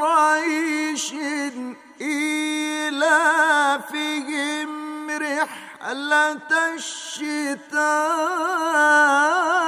قريش إيلافهم رحلة الشتاء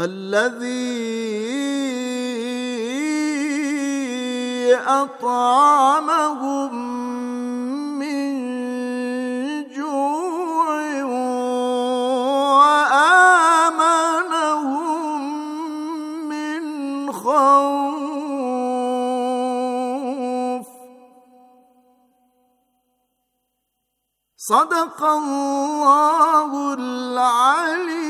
الذي اطعمهم من جوع وامنهم من خوف صدق الله العليم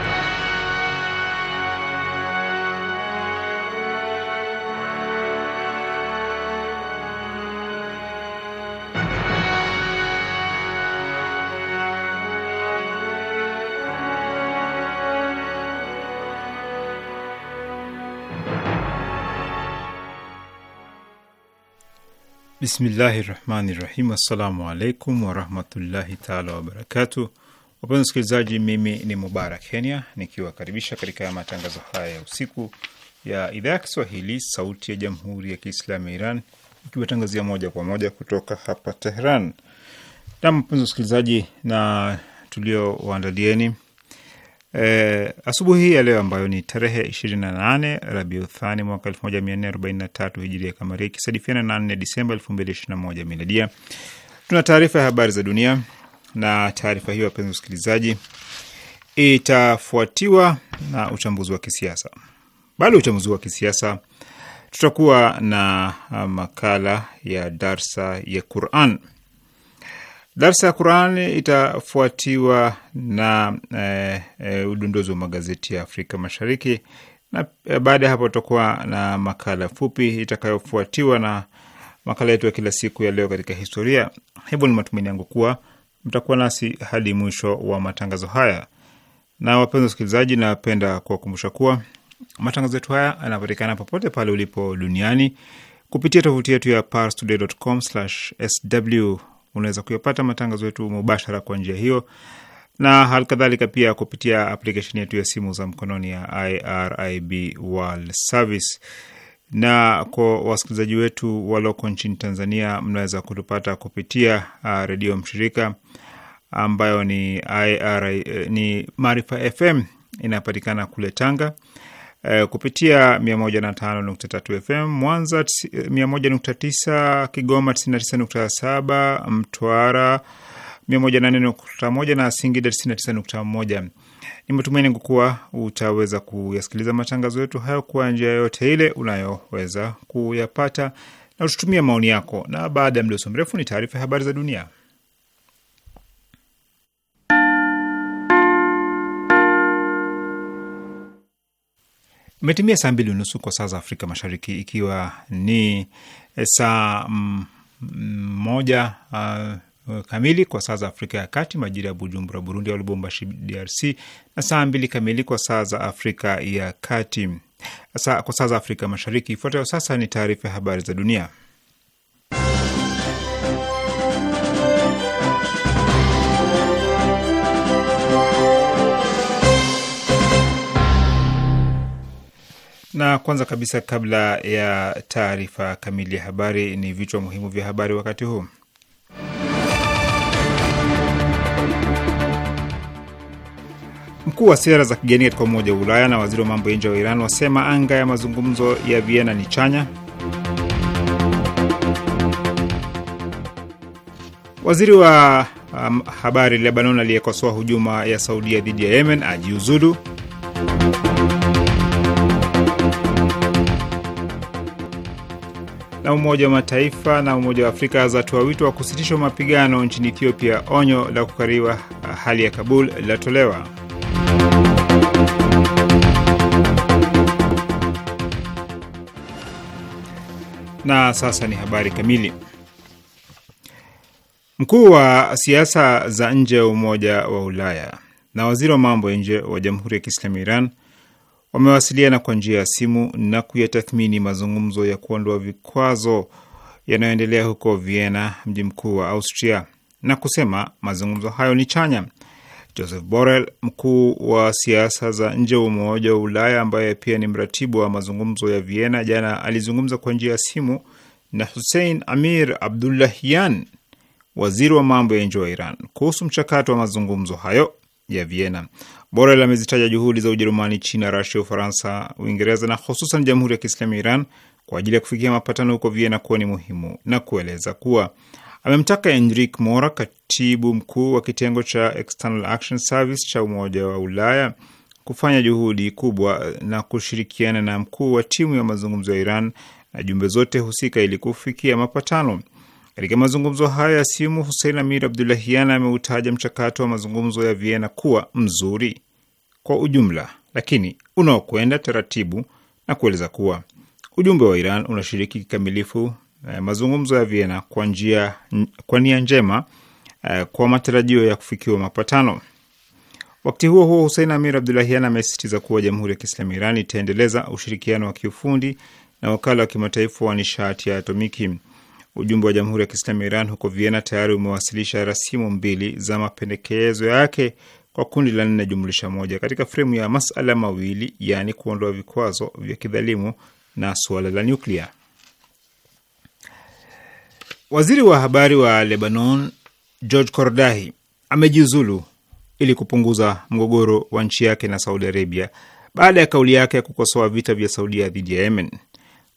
Bismillahi rahmani rahim. Assalamu alaikum warahmatullahi taala wabarakatu. Wapenzi wasikilizaji, mimi ni Mubarak Kenya nikiwakaribisha katika matangazo haya ya usiku ya idhaa ya Kiswahili sauti ya jamhuri ya Kiislamu ya Iran ikiwatangazia moja kwa moja kutoka hapa Tehran. Nam, wapenzi wasikilizaji, na tuliowaandalieni E, asubuhi ya leo ambayo ni tarehe 28 Rabiuthani mwaka 1443 hijiria kamaria, ikisadifiana na 4 Disemba 2021 miladia, tuna taarifa ya habari za dunia, na taarifa hiyo, wapenzi wasikilizaji, itafuatiwa na uchambuzi wa kisiasa. Baada ya uchambuzi wa kisiasa, tutakuwa na makala ya darsa ya Quran. Darsa ya Quran itafuatiwa na e, e, udondozi wa magazeti ya Afrika Mashariki, na eh, baada ya hapo tutakuwa na makala fupi itakayofuatiwa na makala yetu ya kila siku ya leo katika historia. Hivyo ni matumaini yangu kuwa mtakuwa nasi hadi mwisho wa matangazo haya. Na wapenzi wasikilizaji, napenda kuwakumbusha kuwa matangazo yetu haya yanapatikana popote pale ulipo duniani kupitia tovuti yetu ya parstoday.com/sw unaweza kuyapata matangazo yetu mubashara kwa njia hiyo, na halikadhalika pia kupitia aplikesheni yetu ya simu za mkononi ya IRIB World Service. Na kwa wasikilizaji wetu walioko nchini Tanzania, mnaweza kutupata kupitia uh, redio mshirika ambayo ni IR, eh, ni Maarifa FM inayopatikana kule Tanga eh, kupitia 105.3 FM Mwanza, 101.9 eh, Kigoma, 99.7 Mtwara, 108.1 na Singida 99.1. Ni matumaini kuwa utaweza kuyasikiliza matangazo yetu hayo kwa njia yoyote ile unayoweza kuyapata, na ututumia maoni yako. Na baada ya mdoso mrefu ni taarifa ya habari za dunia. Umetimia saa mbili unusu kwa saa za Afrika Mashariki, ikiwa ni saa mm, moja uh, kamili kwa saa za Afrika ya Kati, majira ya Bujumbura Burundi au Lubumbashi DRC, na saa mbili kamili kwa saa za Afrika ya Kati, saa, kwa saa za Afrika Mashariki. Ifuatayo sasa ni taarifa ya habari za dunia. Na kwanza kabisa, kabla ya taarifa kamili ya habari, ni vichwa muhimu vya habari wakati huu. Mkuu wa sera za kigeni katika Umoja wa Ulaya na waziri wa mambo ya nje wa Iran wasema anga ya mazungumzo ya Vienna ni chanya. Waziri wa um, habari Lebanon aliyekosoa hujuma ya Saudia dhidi ya Yemen ajiuzulu. na Umoja wa Mataifa na Umoja wa Afrika zatoa wito wa kusitishwa mapigano nchini Ethiopia. Onyo la kukariwa ah, hali ya Kabul lilatolewa Na sasa ni habari kamili. Mkuu wa siasa za nje ya Umoja wa Ulaya na waziri wa mambo ya nje wa Jamhuri ya Kiislamu Iran wamewasiliana kwa njia ya simu na kuyatathmini mazungumzo ya kuondoa vikwazo yanayoendelea huko Vienna, mji mkuu wa Austria, na kusema mazungumzo hayo ni chanya. Joseph Borrell, mkuu wa siasa za nje wa Umoja wa Ulaya ambaye pia ni mratibu wa mazungumzo ya Vienna, jana alizungumza kwa njia ya simu na Hussein Amir Abdullahian, waziri wa mambo ya nje wa Iran, kuhusu mchakato wa mazungumzo hayo ya Vienna. Borel amezitaja juhudi za Ujerumani, China, Rasia, Ufaransa, Uingereza na hususan Jamhuri ya Kiislamu ya Iran kwa ajili ya kufikia mapatano huko Vienna kuwa ni muhimu na kueleza kuwa amemtaka Enrik Mora, katibu mkuu wa kitengo cha External Action Service cha Umoja wa Ulaya, kufanya juhudi kubwa na kushirikiana na mkuu wa timu ya mazungumzo ya Iran na jumbe zote husika ili kufikia mapatano. Katika mazungumzo hayo ya simu, Husein Amir Abdulahian ameutaja mchakato wa mazungumzo ya Vienna kuwa mzuri kwa ujumla, lakini unaokwenda taratibu na kueleza kuwa ujumbe wa Iran unashiriki kikamilifu eh, mazungumzo ya Vienna kwa njia kwa nia njema eh, kwa matarajio ya kufikiwa mapatano. Wakati huo huo, Husein Amir Abdulahian amesisitiza kuwa Jamhuri ya Kiislamu Iran itaendeleza ushirikiano wa kiufundi na wakala wa kimataifa wa nishati ya atomiki. Ujumbe wa Jamhuri ya Kiislamu ya Iran huko Vienna tayari umewasilisha rasimu mbili za mapendekezo yake kwa kundi la nne jumlisha moja katika fremu ya masala mawili, yaani kuondoa vikwazo vya kidhalimu na suala la nyuklia. Waziri wa habari wa Lebanon George Kordahi amejiuzulu ili kupunguza mgogoro wa nchi yake na Saudi Arabia baada ya kauli yake ya kukosoa vita vya Saudia dhidi ya Yemen.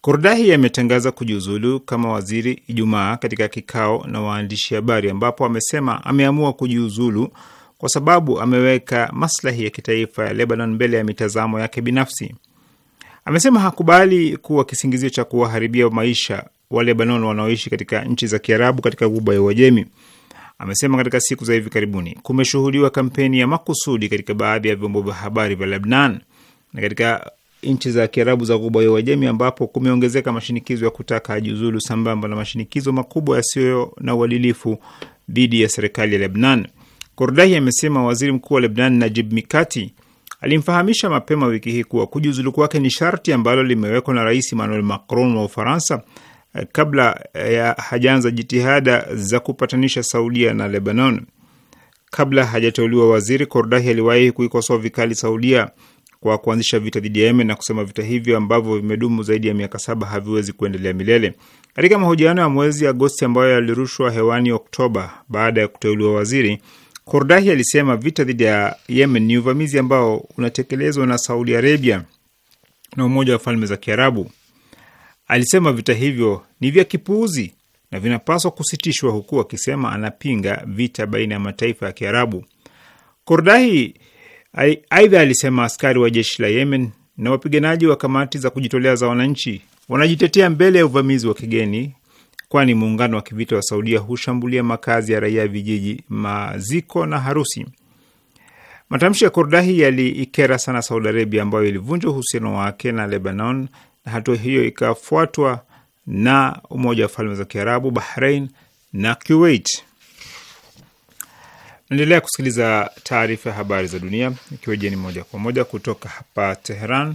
Kordahi ametangaza kujiuzulu kama waziri Ijumaa katika kikao na waandishi habari, ambapo amesema ameamua kujiuzulu kwa sababu ameweka maslahi ya kitaifa ya Lebanon mbele ya mitazamo yake binafsi. Amesema hakubali kuwa kisingizio cha kuwaharibia maisha wa Lebanon wanaoishi katika nchi za Kiarabu katika Ghuba ya Uajemi. Amesema katika siku za hivi karibuni kumeshuhudiwa kampeni ya makusudi katika baadhi ya vyombo vya habari vya Lebnan na katika nchi za Kiarabu za Ghuba ya Uajemi, ambapo kumeongezeka mashinikizo ya kutaka ajiuzulu sambamba na mashinikizo makubwa yasiyo na uadilifu dhidi ya serikali ya Lebnan. Kordahi amesema waziri mkuu wa Lebnan Najib Mikati alimfahamisha mapema wiki hii kuwa kujiuzulu kwake ni sharti ambalo limewekwa na Rais Emmanuel Macron wa Ufaransa eh, kabla eh, ya hajaanza jitihada za kupatanisha Saudia na Lebanon. Kabla hajateuliwa waziri, Kordahi aliwahi kuikosoa vikali Saudia kwa kuanzisha vita dhidi ya Yemen na kusema vita hivyo ambavyo vimedumu zaidi ya miaka saba haviwezi kuendelea milele. Katika mahojiano ya mwezi Agosti ambayo yalirushwa hewani Oktoba baada ya kuteuliwa waziri, Kordahi alisema vita dhidi ya Yemen ni uvamizi ambao unatekelezwa na Saudi Arabia na Umoja wa Falme za Kiarabu. Alisema vita hivyo ni vya kipuuzi na vinapaswa kusitishwa, huku akisema anapinga vita baina ya mataifa ya Kiarabu. Kordahi Aidha alisema askari wa jeshi la Yemen na wapiganaji wa kamati za kujitolea za wananchi wanajitetea mbele ya uvamizi wa kigeni, kwani muungano wa kivita wa Saudia hushambulia makazi ya raia, vijiji, maziko na harusi. Matamshi ya Kordahi yaliikera sana Saudi Arabia, ambayo ilivunja uhusiano wake na Lebanon, na hatua hiyo ikafuatwa na Umoja wa Falme za Kiarabu, Bahrain na Kuwait. Naendelea kusikiliza taarifa ya habari za dunia ikiwa jeni moja kwa moja kutoka hapa Teheran,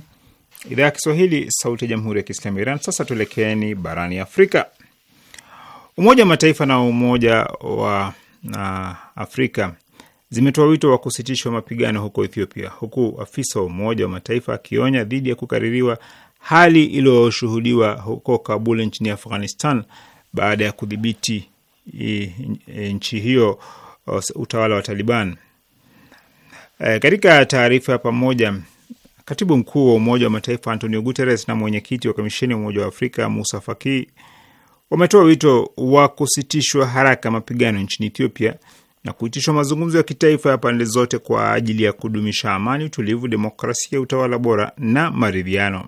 idhaa ya Kiswahili, sauti ya jamhuri ya kiislamu ya Iran. Sasa tuelekeeni barani Afrika. Umoja wa Mataifa na Umoja wa na Afrika zimetoa wito wa kusitishwa mapigano huko Ethiopia, huku afisa wa Umoja wa Mataifa akionya dhidi ya kukaririwa hali iliyoshuhudiwa huko Kabul nchini Afghanistan baada ya kudhibiti nchi hiyo utawala wa Taliban. E, katika taarifa ya pamoja katibu mkuu wa Umoja wa Mataifa Antonio Guterres na mwenyekiti wa kamisheni ya Umoja wa Afrika Musa Faki wametoa wito wa kusitishwa haraka mapigano nchini Ethiopia na kuitishwa mazungumzo ya kitaifa ya pande zote kwa ajili ya kudumisha amani, utulivu, demokrasia, utawala bora na maridhiano.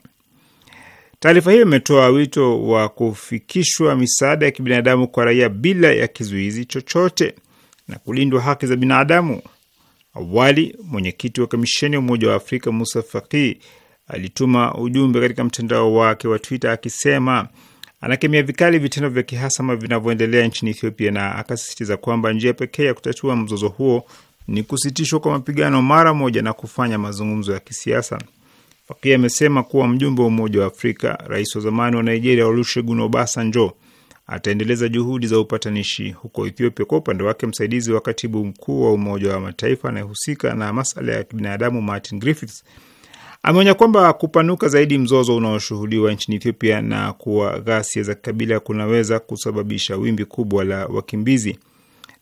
Taarifa hiyo imetoa wito wa kufikishwa misaada ya kibinadamu kwa raia bila ya kizuizi chochote na kulindwa haki za binadamu. Awali mwenyekiti wa kamisheni ya Umoja wa Afrika Musa Faki alituma ujumbe katika mtandao wake wa Twitter akisema anakemea vikali vitendo vya kihasama vinavyoendelea nchini Ethiopia na akasisitiza kwamba njia pekee ya kutatua mzozo huo ni kusitishwa kwa mapigano mara moja na kufanya mazungumzo ya kisiasa. Faki amesema kuwa mjumbe wa Umoja wa Afrika, rais wa zamani wa Nigeria Olusegun Obasanjo ataendeleza juhudi za upatanishi huko Ethiopia. Kwa upande wake, msaidizi wa katibu mkuu wa Umoja wa Mataifa anayehusika na masala ya kibinadamu Martin Griffiths ameonya kwamba kupanuka zaidi mzozo unaoshuhudiwa nchini Ethiopia na kuwa ghasia za kikabila kunaweza kusababisha wimbi kubwa la wakimbizi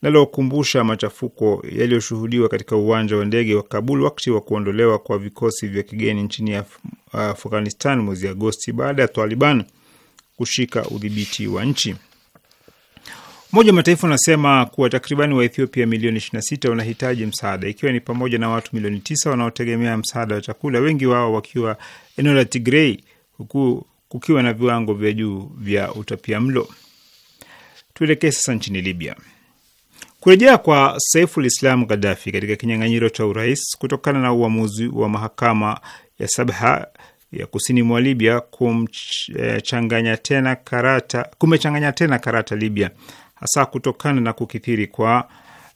linalokumbusha machafuko yaliyoshuhudiwa katika uwanja wa ndege wa Kabul wakati wa kuondolewa kwa vikosi vya kigeni nchini Af Afghanistan mwezi Agosti baada ya Taliban kushika udhibiti wa nchi. Umoja wa Mataifa unasema kuwa takribani Waethiopia milioni 26 wanahitaji msaada, ikiwa ni pamoja na watu milioni 9 wanaotegemea msaada wa chakula, wengi wao wakiwa eneo la Tigrei, huku kukiwa na viwango vya juu vya utapia mlo. Tuelekee sasa nchini Libya. Kurejea kwa Saiful Islam Gaddafi katika kinyang'anyiro cha urais kutokana na uamuzi wa mahakama ya Sabha ya kusini mwa Libya kumchanganya tena karata, kumechanganya tena karata Libya, hasa kutokana na kukithiri kwa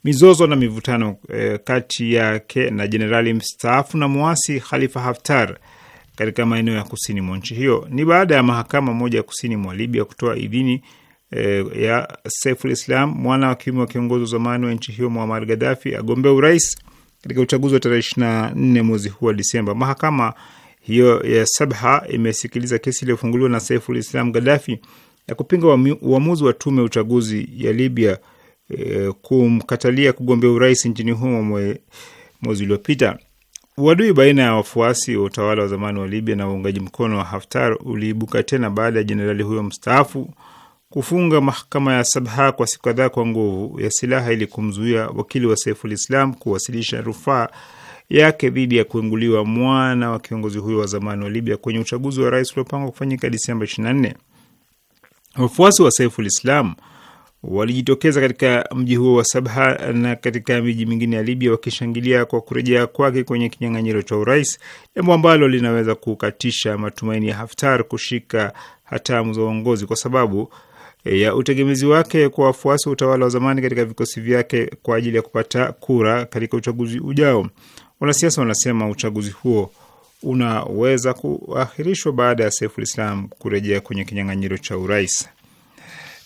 mizozo na mivutano eh, kati yake na jenerali mstaafu na mwasi Khalifa Haftar katika maeneo ya kusini mwa nchi hiyo. Ni baada ya mahakama moja ya kusini mwa Libya kutoa idhini eh, ya Saiful Islam, mwana wa kiume wa kiongozi wa zamani wa nchi hiyo Muammar Gaddafi, agombea urais katika uchaguzi wa tarehe 24 mwezi huu wa Disemba. Mahakama hiyo ya Sabha imesikiliza kesi iliyofunguliwa na Saiful Islam Gaddafi ya kupinga uamuzi wa tume ya uchaguzi ya Libya e, kumkatalia kugombea urais nchini humo mwezi uliopita. Uadui baina ya wafuasi wa utawala wa zamani wa Libya na waungaji mkono wa Haftar uliibuka tena baada ya jenerali huyo mstaafu kufunga mahakama ya Sabha kwa siku kadhaa kwa nguvu ya silaha ili kumzuia wakili wa Saiful Islam kuwasilisha rufaa yake dhidi ya kuinguliwa mwana wa kiongozi huyo wa zamani wa Libya kwenye uchaguzi wa rais uliopangwa kufanyika Disemba 24. Wafuasi wa Saiful Islam walijitokeza katika mji huo wa Sabha na katika miji mingine ya Libya wakishangilia kwa kurejea kwake kwenye kinyang'anyiro cha urais, jambo ambalo linaweza kukatisha matumaini ya Haftar kushika hatamu za uongozi kwa sababu eh, ya utegemezi wake kwa wafuasi wa utawala wa zamani katika vikosi vyake kwa ajili ya kupata kura katika uchaguzi ujao. Wanasiasa wanasema uchaguzi huo unaweza kuahirishwa baada ya Saiful Islam kurejea kwenye kinyang'anyiro cha urais.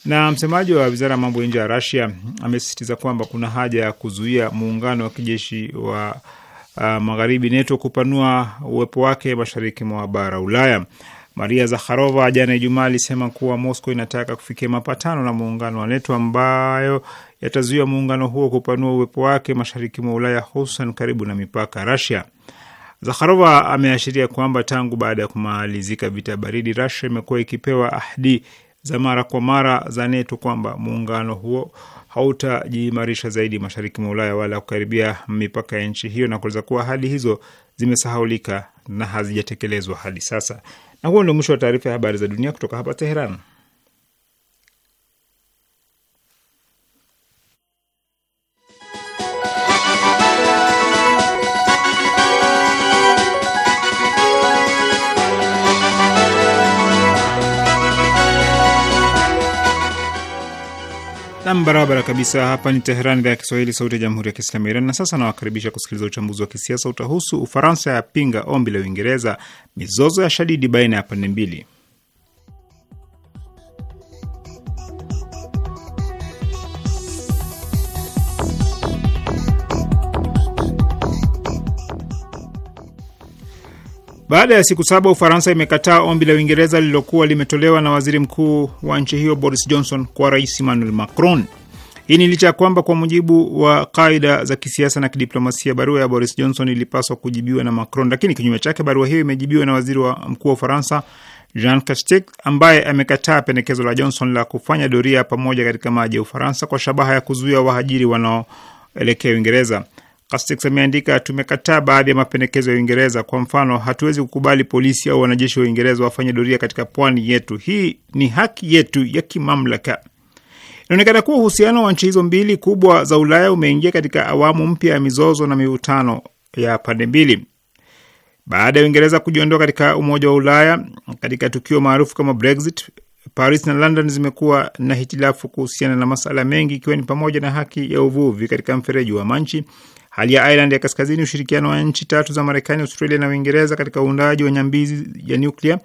Na msemaji wa wizara ya mambo ya nje ya Rasia amesisitiza kwamba kuna haja ya kuzuia muungano wa kijeshi wa uh, magharibi NETO kupanua uwepo wake mashariki mwa bara Ulaya. Maria Zakharova jana Ijumaa alisema kuwa Moscow inataka kufikia mapatano na muungano wa NETO ambayo yatazuia muungano huo kupanua uwepo wake mashariki mwa Ulaya, hususan karibu na mipaka Rasia. Zakharova ameashiria kwamba tangu baada ya kumalizika vita baridi, Rasia imekuwa ikipewa ahadi za mara kwa mara za Neto kwamba muungano huo hautajiimarisha zaidi mashariki mwa Ulaya wala kukaribia mipaka ya nchi hiyo, na kueleza kuwa ahadi hizo zimesahaulika na hazijatekelezwa hadi sasa. Na huo ndio mwisho wa taarifa ya habari za dunia kutoka hapa Teheran. Nam barabara kabisa. Hapa ni Teheran, idhaa ya Kiswahili, sauti ya jamhuri ya kiislamu ya Iran. Na sasa nawakaribisha kusikiliza uchambuzi wa kisiasa. Utahusu Ufaransa yapinga ombi la Uingereza, mizozo ya shadidi baina ya pande mbili. Baada ya siku saba, Ufaransa imekataa ombi la Uingereza lililokuwa limetolewa na waziri mkuu wa nchi hiyo Boris Johnson kwa rais Emmanuel Macron. Hii ni licha ya kwamba kwa mujibu wa kaida za kisiasa na kidiplomasia, barua ya Boris Johnson ilipaswa kujibiwa na Macron, lakini kinyume chake, barua hiyo imejibiwa na waziri wa mkuu wa Ufaransa Jean Castex ambaye amekataa pendekezo la Johnson la kufanya doria pamoja katika maji ya Ufaransa kwa shabaha ya kuzuia wahajiri wanaoelekea Uingereza. Castex ameandika, tumekataa baadhi ya mapendekezo ya Uingereza. Kwa mfano, hatuwezi kukubali polisi au wanajeshi wa Uingereza wafanye doria katika pwani yetu. Hii ni haki yetu ya kimamlaka. Inaonekana kuwa uhusiano wa nchi hizo mbili kubwa za Ulaya umeingia katika awamu mpya ya mizozo na mivutano ya pande mbili baada ya Uingereza kujiondoa katika Umoja wa Ulaya katika tukio maarufu kama Brexit. Paris na London zimekuwa na hitilafu kuhusiana na masala mengi, ikiwa ni pamoja na haki ya uvuvi katika mfereji wa Manchi, Hali ya Ireland ya kaskazini, ushirikiano wa nchi tatu za Marekani, Australia na Uingereza katika uundaji wa nyambizi ya nyuklia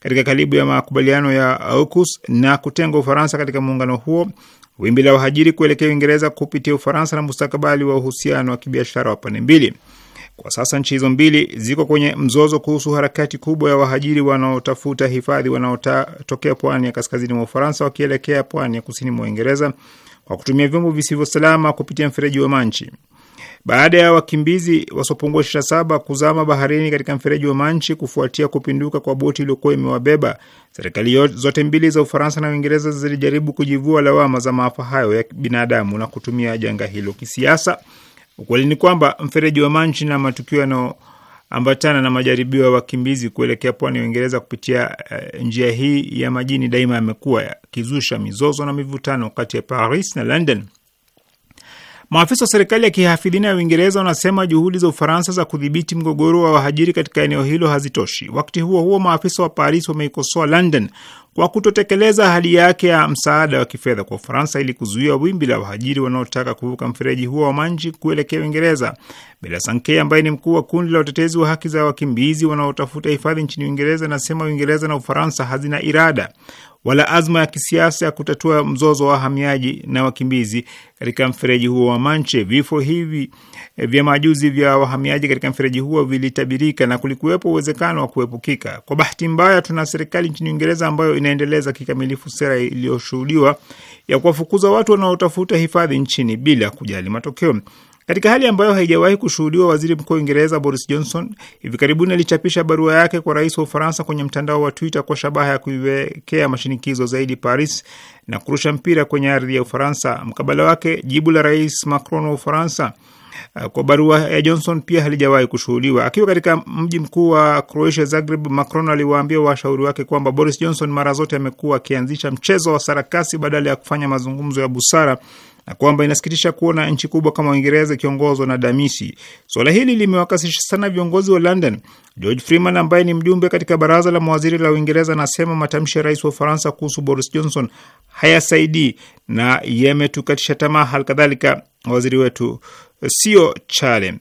katika kalibu ya makubaliano ya AUKUS na kutengwa Ufaransa katika muungano huo, wimbi la wahajiri kuelekea Uingereza kupitia Ufaransa na mustakabali wa uhusiano wa kibiashara wa pande mbili. Kwa sasa nchi hizo mbili ziko kwenye mzozo kuhusu harakati kubwa ya wahajiri wanaotafuta hifadhi wanaotokea pwani ya kaskazini mwa Ufaransa wakielekea pwani ya kusini mwa Uingereza kwa kutumia vyombo visivyo salama kupitia mfereji wa Manchi baada ya wakimbizi wasiopungua saba kuzama baharini katika mfereji wa Manchi kufuatia kupinduka kwa boti iliyokuwa imewabeba. Serikali zote mbili za Ufaransa na Uingereza zilijaribu kujivua lawama za maafa hayo ya binadamu na kutumia janga hilo kisiasa. Ukweli ni kwamba mfereji wa Manchi na matukio yanayoambatana na majaribio ya wakimbizi kuelekea pwani ya Uingereza kupitia uh, njia hii ya majini daima yamekuwa yakizusha mizozo na mivutano kati ya Paris na London. Maafisa wa serikali ya kihafidhina ya Uingereza wanasema juhudi za Ufaransa za kudhibiti mgogoro wa wahajiri katika eneo hilo hazitoshi. Wakati huo huo, maafisa wa Paris wameikosoa London kwa kutotekeleza ahadi yake ya msaada wa kifedha kwa Ufaransa ili kuzuia wimbi la wahajiri wanaotaka kuvuka mfereji huo wa Manji kuelekea Uingereza. Bela Sankey ambaye ni mkuu wa kundi la utetezi wa haki za wakimbizi wanaotafuta hifadhi nchini Uingereza anasema Uingereza na Ufaransa hazina irada wala azma ya kisiasa ya kutatua mzozo wa wahamiaji na wakimbizi katika mfereji huo wa Manche. Vifo hivi eh, vya majuzi vya wahamiaji katika mfereji huo vilitabirika na kulikuwepo uwezekano wa kuepukika. Kwa bahati mbaya, tuna serikali nchini Uingereza ambayo inaendeleza kikamilifu sera iliyoshuhudiwa ya kuwafukuza watu wanaotafuta hifadhi nchini bila kujali matokeo. Katika hali ambayo haijawahi kushuhudiwa, waziri mkuu wa Uingereza Boris Johnson hivi karibuni alichapisha barua yake kwa rais wa Ufaransa kwenye mtandao wa Twitter kwa shabaha ya kuiwekea mashinikizo zaidi Paris na kurusha mpira kwenye ardhi ya Ufaransa. Mkabala wake, jibu la rais Macron wa Ufaransa uh, kwa barua ya Johnson pia halijawahi kushuhudiwa. Akiwa katika mji mkuu wa Croatia, Zagreb, Macron aliwaambia washauri wake kwamba Boris Johnson mara zote amekuwa akianzisha mchezo wa sarakasi badala ya kufanya mazungumzo ya busara na kwamba inasikitisha kuona nchi kubwa kama Uingereza ikiongozwa na damisi. Suala hili limewakasisha sana viongozi wa London. George Freeman ambaye ni mjumbe katika baraza la mawaziri la Uingereza anasema matamshi ya rais wa Ufaransa kuhusu Boris Johnson hayasaidii na yametukatisha tamaa. kadhalika waziri wetu sio chale.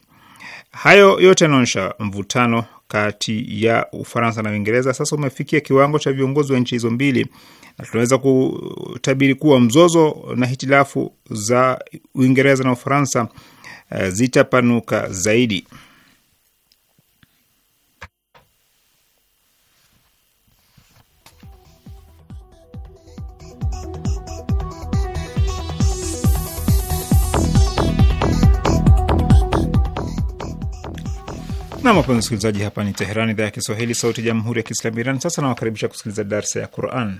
Hayo yote yanaonyesha mvutano kati ya Ufaransa na Uingereza sasa umefikia kiwango cha viongozi wa nchi hizo mbili, na tunaweza kutabiri kuwa mzozo na hitilafu za Uingereza na Ufaransa eh, zitapanuka zaidi. Nam, wapenzi msikilizaji, hapa ni Teherani, idhaa ya Kiswahili, sauti ya jamhuri ya kiislamu Iran. Sasa nawakaribisha kusikiliza darsa ya Quran.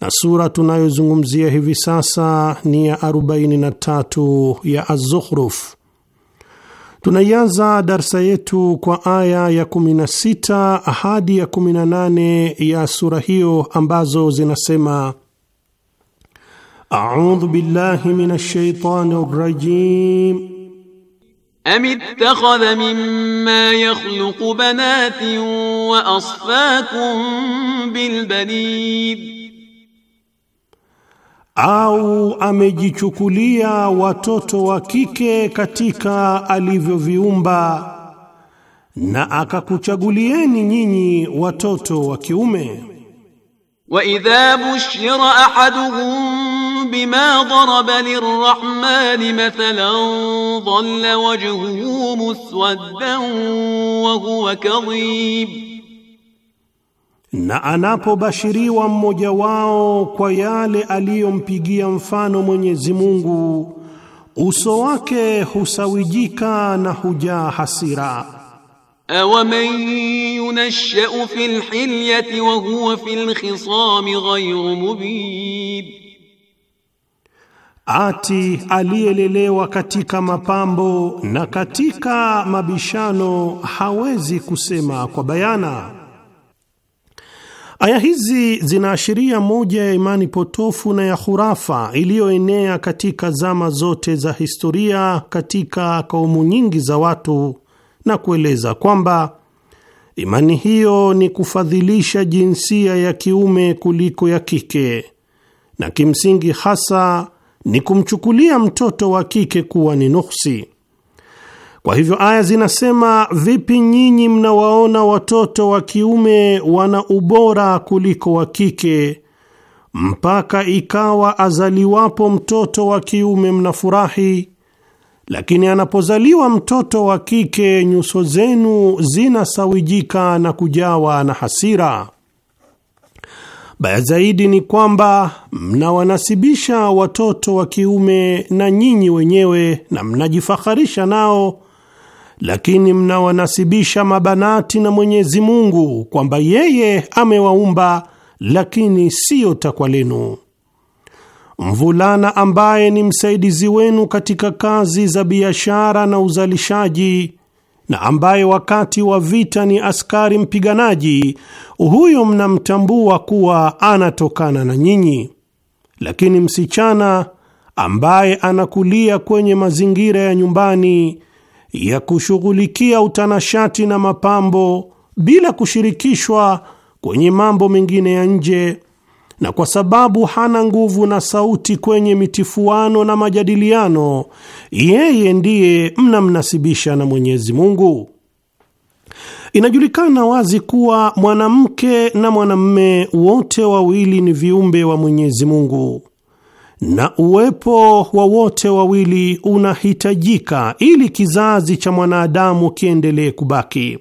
na sura tunayozungumzia hivi sasa ni ya 43 ya Az-Zukhruf. Tunaianza darsa yetu kwa aya ya 16 hadi ya 18 ya sura hiyo ambazo zinasema: audhu billahi minash shaitani rajim am ittakhadha mimma yakhluqu banatin wa asfakum bil au amejichukulia watoto wa kike katika alivyoviumba na akakuchagulieni nyinyi watoto wa kiume. wa idha bushira ahaduhum bima daraba lirrahmani mathalan dhalla wajhuhu muswaddan wa huwa kadhib na anapobashiriwa mmoja wao kwa yale aliyompigia mfano Mwenyezi Mungu, uso wake husawijika na hujaa hasira. man yunashau fi hilyati wa huwa fi khisami ghayru mubin, ati aliyelelewa katika mapambo na katika mabishano hawezi kusema kwa bayana. Aya hizi zinaashiria moja ya imani potofu na ya hurafa iliyoenea katika zama zote za historia katika kaumu nyingi za watu, na kueleza kwamba imani hiyo ni kufadhilisha jinsia ya kiume kuliko ya kike, na kimsingi hasa ni kumchukulia mtoto wa kike kuwa ni nuksi. Kwa hivyo aya zinasema, vipi nyinyi mnawaona watoto wa kiume wana ubora kuliko wa kike, mpaka ikawa azaliwapo mtoto wa kiume mnafurahi, lakini anapozaliwa mtoto wa kike nyuso zenu zinasawijika na kujawa na hasira. Baya zaidi ni kwamba mnawanasibisha watoto wa kiume na nyinyi wenyewe na mnajifaharisha nao lakini mnawanasibisha mabanati na Mwenyezi Mungu kwamba yeye amewaumba, lakini siyo takwa lenu. Mvulana ambaye ni msaidizi wenu katika kazi za biashara na uzalishaji na ambaye wakati wa vita ni askari mpiganaji, huyo mnamtambua kuwa anatokana na nyinyi. Lakini msichana ambaye anakulia kwenye mazingira ya nyumbani ya kushughulikia utanashati na mapambo bila kushirikishwa kwenye mambo mengine ya nje, na kwa sababu hana nguvu na sauti kwenye mitifuano na majadiliano, yeye ndiye mnamnasibisha na Mwenyezi Mungu. Inajulikana wazi kuwa mwanamke na mwanamme wote wawili ni viumbe wa Mwenyezi Mungu na uwepo wa wote wawili unahitajika ili kizazi cha mwanadamu kiendelee kubaki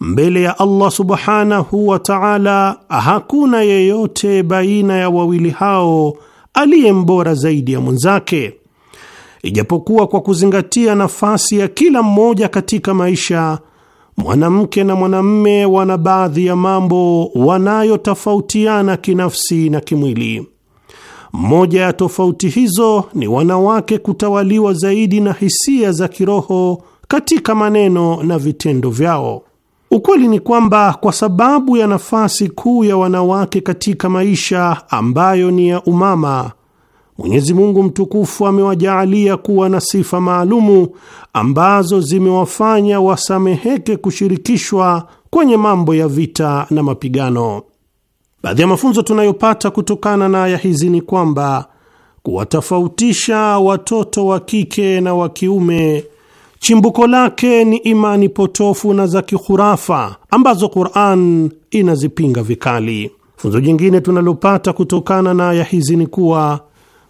mbele ya Allah subhanahu wa ta'ala. Hakuna yeyote baina ya wawili hao aliye mbora zaidi ya mwenzake, ijapokuwa kwa kuzingatia nafasi ya kila mmoja katika maisha, mwanamke na mwanamme wana baadhi ya mambo wanayotofautiana kinafsi na kimwili. Moja ya tofauti hizo ni wanawake kutawaliwa zaidi na hisia za kiroho katika maneno na vitendo vyao. Ukweli ni kwamba kwa sababu ya nafasi kuu ya wanawake katika maisha ambayo ni ya umama, Mwenyezi Mungu mtukufu amewajaalia kuwa na sifa maalumu ambazo zimewafanya wasameheke kushirikishwa kwenye mambo ya vita na mapigano. Baadhi ya mafunzo tunayopata kutokana na aya hizi ni kwamba kuwatofautisha watoto wa kike na wa kiume chimbuko lake ni imani potofu na za kihurafa ambazo Qur'an inazipinga vikali. Funzo jingine tunalopata kutokana na aya hizi ni kuwa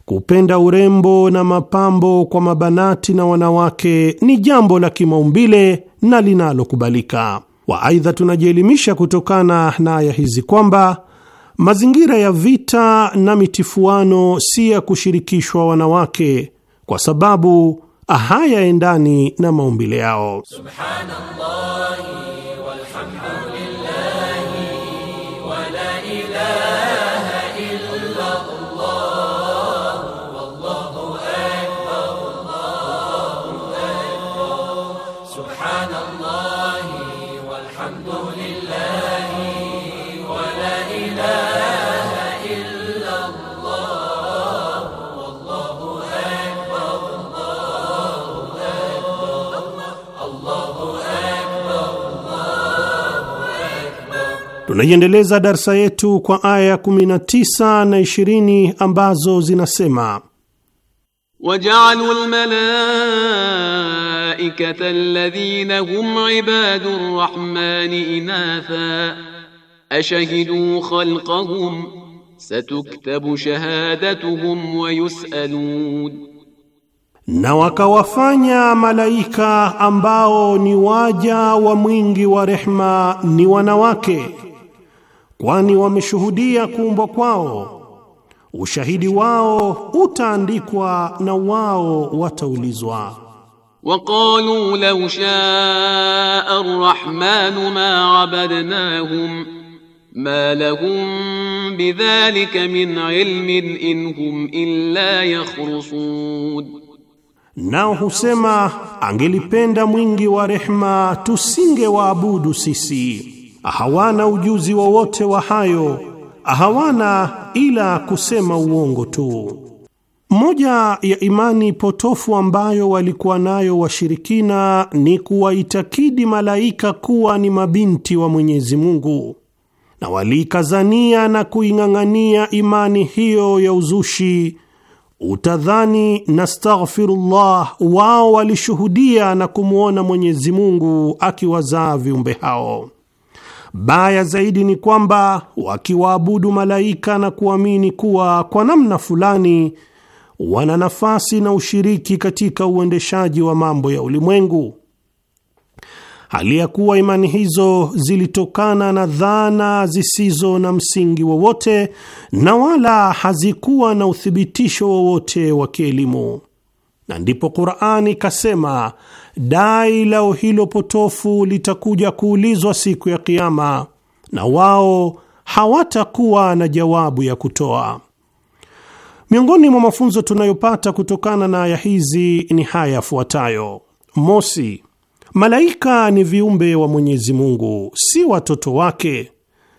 kupenda urembo na mapambo kwa mabanati na wanawake ni jambo la kimaumbile na linalokubalika. Waaidha, tunajielimisha kutokana na aya hizi kwamba Mazingira ya vita na mitifuano si ya kushirikishwa wanawake kwa sababu hayaendani na maumbile yao. Subhanallah. Tunaiendeleza darsa yetu kwa aya 19 na 20 ambazo zinasema wajaalu almalaikata alladhina hum ibadu rrahmani inatha ashhadu khalqahum satuktabu shahadatuhum wa yusalun na wakawafanya malaika ambao ni waja wa mwingi wa rehma ni wanawake kwani wameshuhudia kuumbwa kwao, ushahidi wao utaandikwa na wao wataulizwa. Waqalu law shaa arrahman ma abadnahum ma lahum bidhalika min ilmin in hum illa yakhrusun, nao husema angelipenda mwingi wa rehma tusingewaabudu sisi hawana ujuzi wowote wa, wa hayo, hawana ila kusema uongo tu. Moja ya imani potofu ambayo walikuwa nayo washirikina ni kuwaitakidi malaika kuwa ni mabinti wa Mwenyezi Mungu, na waliikazania na kuing'ang'ania imani hiyo ya uzushi, utadhani nastaghfirullah, wao walishuhudia na kumwona Mwenyezi Mungu akiwazaa viumbe hao. Baya zaidi ni kwamba wakiwaabudu malaika na kuamini kuwa kwa namna fulani wana nafasi na ushiriki katika uendeshaji wa mambo ya ulimwengu, hali ya kuwa imani hizo zilitokana na dhana zisizo na msingi wowote wa na wala hazikuwa na uthibitisho wowote wa, wa kielimu na ndipo Qur'ani ikasema dai lao hilo potofu litakuja kuulizwa siku ya Kiyama, na wao hawatakuwa na jawabu ya kutoa. Miongoni mwa mafunzo tunayopata kutokana na aya hizi ni haya yafuatayo: mosi, malaika ni viumbe wa Mwenyezi Mungu, si watoto wake,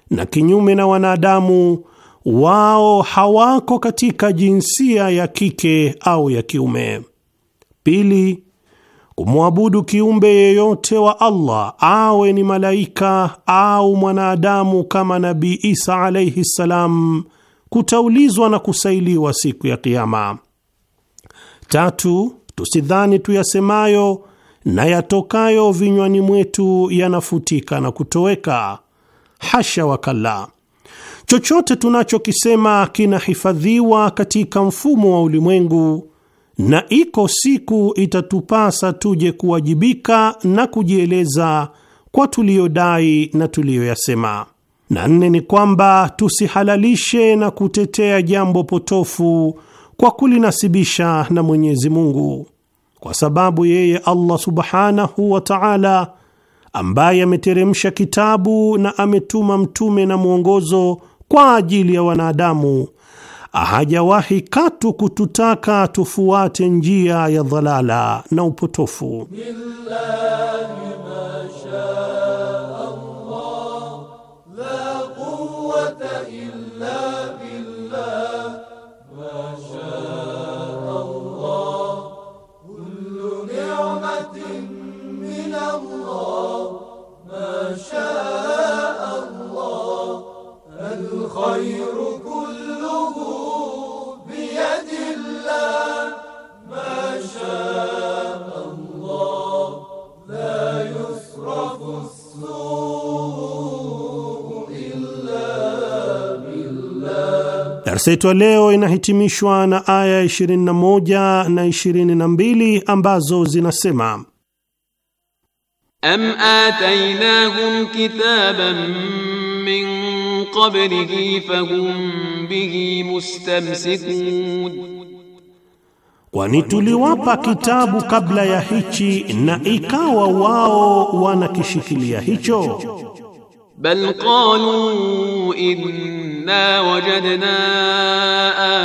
na kinyume na wanadamu wao hawako katika jinsia ya kike au ya kiume. Pili, kumwabudu kiumbe yeyote wa Allah awe ni malaika au mwanadamu kama Nabii Isa alaihi ssalam kutaulizwa na kusailiwa siku ya Kiama. Tatu, tusidhani tuyasemayo na yatokayo vinywani mwetu yanafutika na kutoweka. Hasha wakala chochote tunachokisema kinahifadhiwa katika mfumo wa ulimwengu na iko siku itatupasa tuje kuwajibika na kujieleza kwa tuliyodai na tuliyoyasema. Na nne ni kwamba tusihalalishe na kutetea jambo potofu kwa kulinasibisha na Mwenyezi Mungu, kwa sababu yeye Allah subhanahu wa ta'ala, ambaye ameteremsha kitabu na ametuma mtume na mwongozo kwa ajili ya wanadamu hajawahi katu kututaka tufuate njia ya dhalala na upotofu Billah. Darsa yetu ya leo inahitimishwa na aya 21 na 22 ambazo zinasema: am atainahum kitaban min qablihi fahum bihi mustamsikun, kwani tuliwapa kitabu kabla ya hichi na ikawa wao wanakishikilia hicho. bal qalu inna wajadna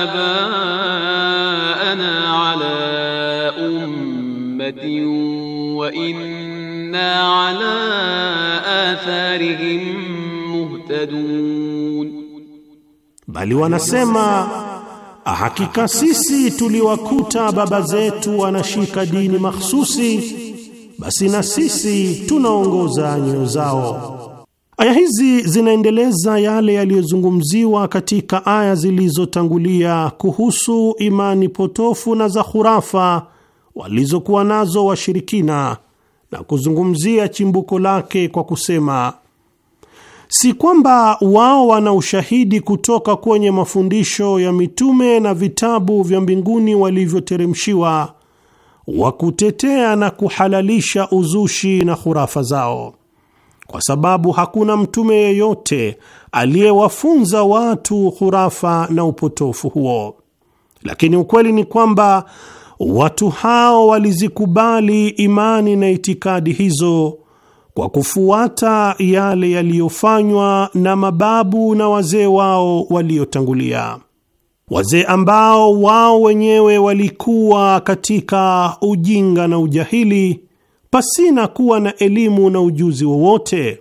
abaana ala ummatin wa inna ala atharihim muhtadun, bali wanasema hakika sisi tuliwakuta baba zetu wanashika dini mahsusi, basi na sisi tunaongoza nyoyo zao. Aya hizi zinaendeleza yale yaliyozungumziwa katika aya zilizotangulia kuhusu imani potofu na za khurafa walizokuwa nazo washirikina na kuzungumzia chimbuko lake kwa kusema si kwamba wao wana ushahidi kutoka kwenye mafundisho ya mitume na vitabu vya mbinguni walivyoteremshiwa wa kutetea na kuhalalisha uzushi na hurafa zao kwa sababu hakuna mtume yeyote aliyewafunza watu hurafa na upotofu huo. Lakini ukweli ni kwamba watu hao walizikubali imani na itikadi hizo kwa kufuata yale yaliyofanywa na mababu na wazee wao waliotangulia, wazee ambao wao wenyewe walikuwa katika ujinga na ujahili pasina kuwa na elimu na ujuzi wowote,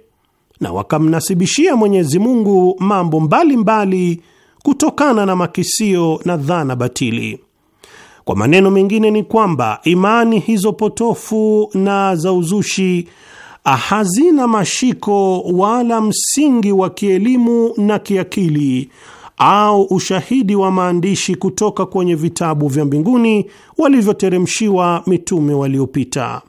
na wakamnasibishia Mwenyezi Mungu mambo mbalimbali mbali kutokana na makisio na dhana batili. Kwa maneno mengine ni kwamba imani hizo potofu na za uzushi hazina mashiko wala msingi wa kielimu na kiakili au ushahidi wa maandishi kutoka kwenye vitabu vya mbinguni walivyoteremshiwa mitume waliopita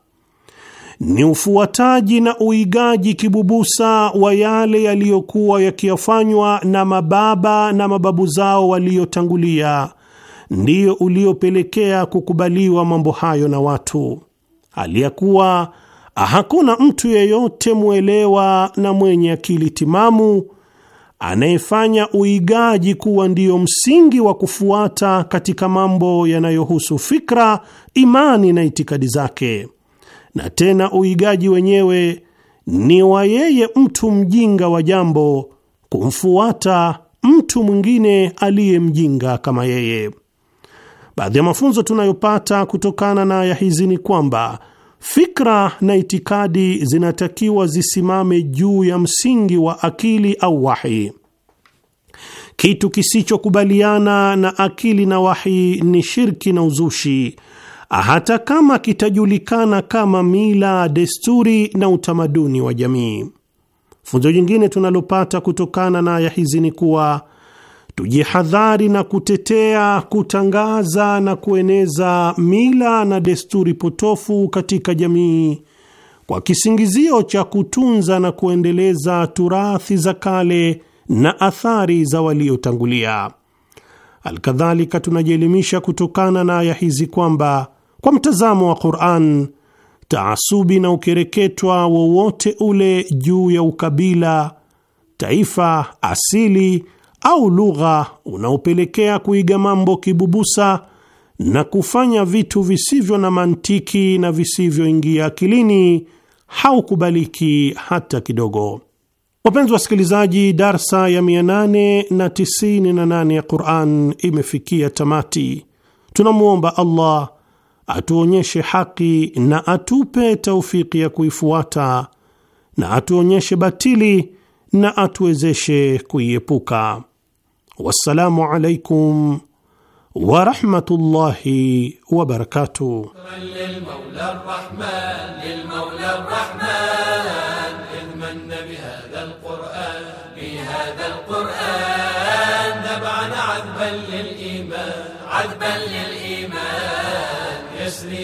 ni ufuataji na uigaji kibubusa wa yale yaliyokuwa yakiyafanywa na mababa na mababu zao waliotangulia, ndiyo uliopelekea kukubaliwa mambo hayo na watu, hali ya kuwa hakuna mtu yeyote mwelewa na mwenye akili timamu anayefanya uigaji kuwa ndiyo msingi wa kufuata katika mambo yanayohusu fikra, imani na itikadi zake na tena uigaji wenyewe ni wa yeye mtu mjinga wa jambo kumfuata mtu mwingine aliye mjinga kama yeye. Baadhi ya mafunzo tunayopata kutokana na aya hizi ni kwamba fikra na itikadi zinatakiwa zisimame juu ya msingi wa akili au wahi. Kitu kisichokubaliana na akili na wahi ni shirki na uzushi, hata kama kitajulikana kama mila, desturi na utamaduni wa jamii. Funzo jingine tunalopata kutokana na aya hizi ni kuwa tujihadhari na kutetea, kutangaza na kueneza mila na desturi potofu katika jamii kwa kisingizio cha kutunza na kuendeleza turathi za kale na athari za waliotangulia. Alkadhalika, tunajielimisha kutokana na aya hizi kwamba kwa mtazamo wa Qur'an, taasubi na ukereketwa wowote ule juu ya ukabila, taifa, asili au lugha unaopelekea kuiga mambo kibubusa na kufanya vitu visivyo na mantiki na visivyoingia akilini haukubaliki hata kidogo. Wapenzi wasikilizaji, darsa ya 898 ya Qur'an imefikia tamati. Tunamwomba Allah atuonyeshe haki na atupe taufiki ya kuifuata na atuonyeshe batili na atuwezeshe kuiepuka. Wassalamu alaikum warahmatullahi wabarakatuh.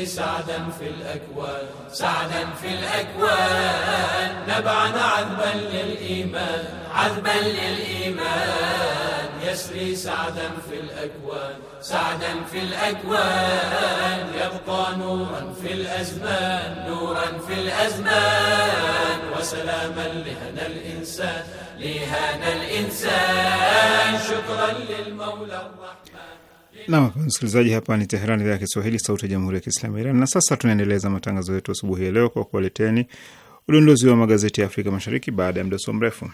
سعدا في الأكوان سعدا في الأكوان نبعا عذبا للإيمان عذبا للإيمان يسري سعدا في الأكوان سعدا في الأكوان يبقى نورا في الأزمان نورا في الأزمان وسلاما لهنا الإنسان لهنا الإنسان شكرا للمولى الرحمن Nam msikilizaji, hapa ni Teherani, idhaa ya Kiswahili, sauti ya jamhuri ya kiislamu ya Iran. Na sasa tunaendeleza matangazo yetu asubuhi ya leo kwa kuwaleteni udondozi wa magazeti ya Afrika Mashariki baada ya mdoso mrefu.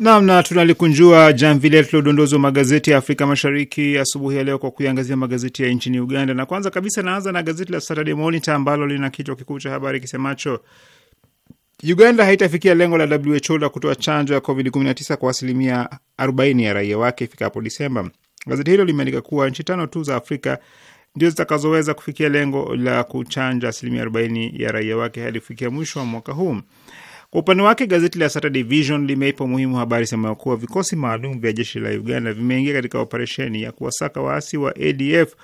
Namna tunalikunjua jamvi letu la udondozi wa magazeti ya Afrika Mashariki asubuhi ya leo kwa kuiangazia magazeti ya nchini Uganda, na kwanza kabisa naanza na gazeti la Saturday Monitor ambalo lina kichwa kikuu cha habari kisemacho Uganda haitafikia lengo la WHO la kutoa chanjo ya COVID-19 kwa asilimia 40 ya raia wake ifikapo Disemba. Gazeti hilo limeandika kuwa nchi tano tu za Afrika ndio zitakazoweza kufikia lengo la kuchanja asilimia 40 ya raia wake hadi kufikia mwisho wa mwaka huu. Kwa upande wake gazeti la Saturday Vision limeipa umuhimu habari semayo kuwa vikosi maalum vya jeshi la Uganda vimeingia katika operesheni ya kuwasaka waasi wa ADF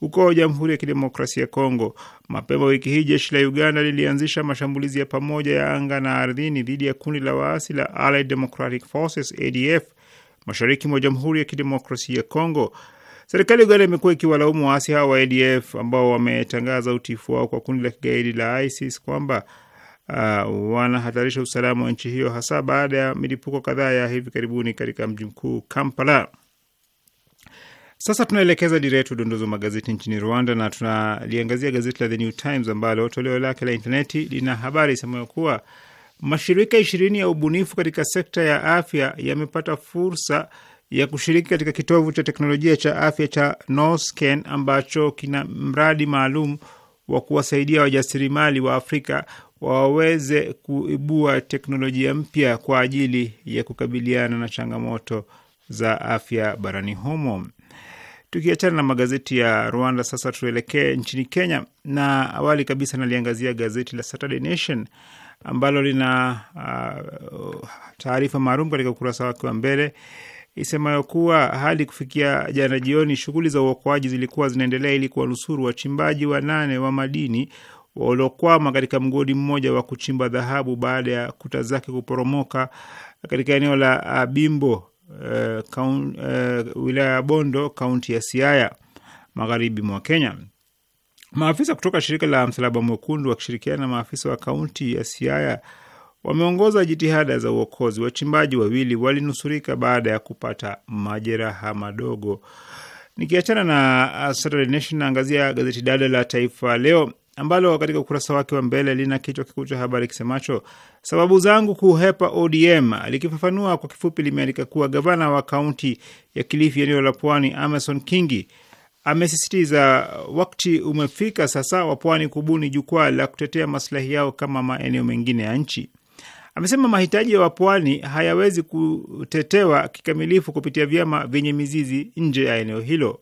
huko Jamhuri ya Kidemokrasia ya Kongo. Mapema wiki hii jeshi la Uganda lilianzisha mashambulizi ya pamoja ya anga na ardhini dhidi ya kundi la waasi la Allied Democratic Forces ADF mashariki mwa Jamhuri ya Kidemokrasia ya Kongo. Serikali ya Uganda imekuwa ikiwalaumu waasi hao wa ADF ambao wametangaza utiifu wao kwa kundi la kigaidi la ISIS kwamba uh, wanahatarisha usalama wa nchi hiyo hasa baada ya milipuko kadhaa ya hivi karibuni katika mji mkuu Kampala. Sasa tunaelekeza dira yetu udondozi wa magazeti nchini Rwanda, na tunaliangazia gazeti la The New Times ambalo toleo lake la intaneti lina habari isemayo kuwa mashirika ishirini ya ubunifu katika sekta ya afya yamepata fursa ya kushiriki katika kitovu cha teknolojia cha afya cha Nosken ambacho kina mradi maalum wa kuwasaidia wajasiriamali wa Afrika waweze kuibua teknolojia mpya kwa ajili ya kukabiliana na changamoto za afya barani humo. Tukiachana na magazeti ya Rwanda, sasa tuelekee nchini Kenya, na awali kabisa naliangazia gazeti la Saturday Nation ambalo lina uh, taarifa maalum katika ukurasa wake wa mbele isemayo kuwa hadi kufikia jana jioni, shughuli za uokoaji zilikuwa zinaendelea ili kuwanusuru wachimbaji wanane wa madini waliokwama katika mgodi mmoja wa kuchimba dhahabu baada ya kuta zake kuporomoka katika eneo la uh, Bimbo, uh, uh, wilaya ya Bondo, kaunti ya Siaya, magharibi mwa Kenya. Maafisa kutoka shirika la Msalaba Mwekundu wakishirikiana na maafisa wa kaunti ya Siaya wameongoza jitihada za uokozi. Wachimbaji wawili walinusurika baada ya kupata majeraha madogo. Nikiachana na uh, Saturday Nation, naangazia gazeti dada la Taifa Leo ambalo katika ukurasa wake wa mbele lina kichwa kikuu cha habari kisemacho sababu zangu kuhepa ODM. Likifafanua kwa kifupi, limeandika kuwa gavana wa kaunti ya Kilifi, eneo la Pwani, Amason Kingi amesisitiza wakati umefika sasa wa Pwani kubuni jukwaa la kutetea maslahi yao kama maeneo mengine ya nchi. Amesema mahitaji ya wapwani hayawezi kutetewa kikamilifu kupitia vyama vyenye mizizi nje ya eneo hilo.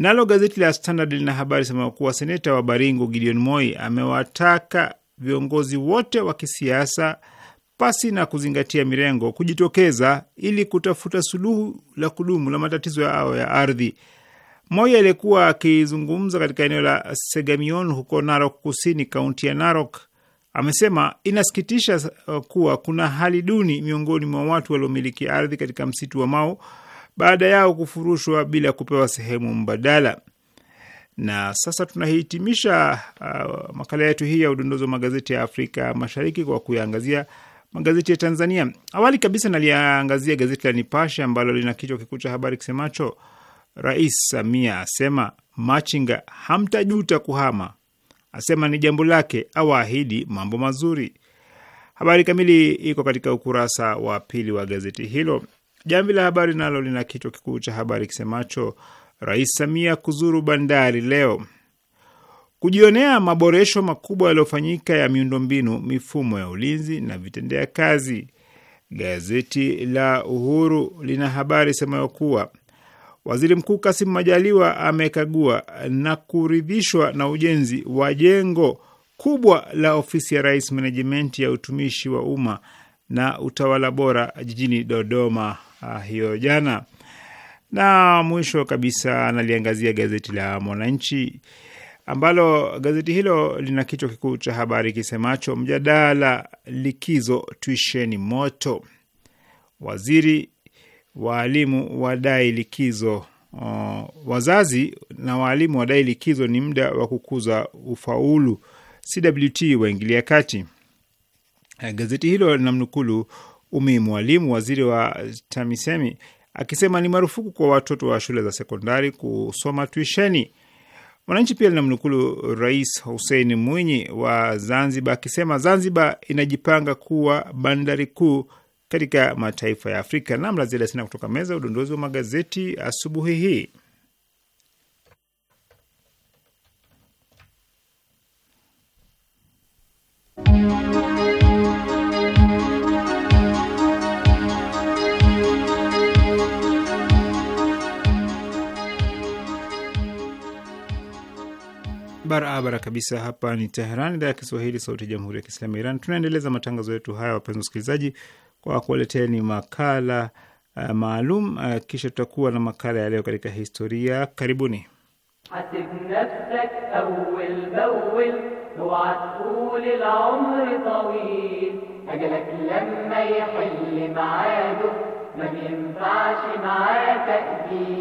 Nalo gazeti la Standard lina habari sema kuwa seneta wa Baringo Gideon Moi amewataka viongozi wote wa kisiasa pasi na kuzingatia mirengo kujitokeza ili kutafuta suluhu la kudumu la matatizo yao ya ardhi. Moi aliyekuwa akizungumza katika eneo la Segamion huko Narok Kusini, kaunti ya Narok, amesema inasikitisha uh, kuwa kuna hali duni miongoni mwa watu waliomiliki ardhi katika msitu wa Mao baada yao kufurushwa bila kupewa sehemu mbadala. Na sasa tunahitimisha uh, makala yetu hii ya udondozi wa magazeti ya Afrika Mashariki kwa kuyaangazia magazeti ya Tanzania. Awali kabisa naliangazia gazeti la Nipashe ambalo lina kichwa kikuu cha habari kisemacho Rais Samia asema machinga hamtajuta kuhama, asema ni jambo lake, awaahidi mambo mazuri. Habari kamili iko katika ukurasa wa pili wa gazeti hilo. Jamvi la Habari nalo lina kichwa kikuu cha habari kisemacho Rais Samia kuzuru bandari leo, kujionea maboresho makubwa yaliyofanyika ya miundombinu, mifumo ya ulinzi na vitendea kazi. Gazeti la Uhuru lina habari semayo kuwa Waziri Mkuu kasimu Majaliwa amekagua na kuridhishwa na ujenzi wa jengo kubwa la ofisi ya rais, menejimenti ya utumishi wa umma na utawala bora jijini Dodoma Ah, hiyo jana. Na mwisho kabisa analiangazia gazeti la Mwananchi ambalo gazeti hilo lina kichwa kikuu cha habari kisemacho mjadala likizo tuisheni moto, waziri waalimu wadai likizo o, oh, wazazi na waalimu wadai likizo ni muda wa kukuza ufaulu, CWT waingilia kati. Eh, gazeti hilo linamnukulu Umi Mwalimu, waziri wa TAMISEMI, akisema ni marufuku kwa watoto wa shule za sekondari kusoma tuisheni. Mwananchi pia linamnukulu Rais Hussein Mwinyi wa Zanzibar akisema Zanzibar inajipanga kuwa bandari kuu katika mataifa ya Afrika. na ziada sina kutoka meza udondozi wa magazeti asubuhi hii. barabara kabisa. Hapa ni Teheran, idhaa ya Kiswahili, sauti ya jamhuri ya kiislamu ya Iran. Tunaendeleza matangazo yetu haya, wapenzi wasikilizaji, kwa kuwaleteni makala uh, maalum uh, kisha tutakuwa na makala ya leo katika historia. Karibuni.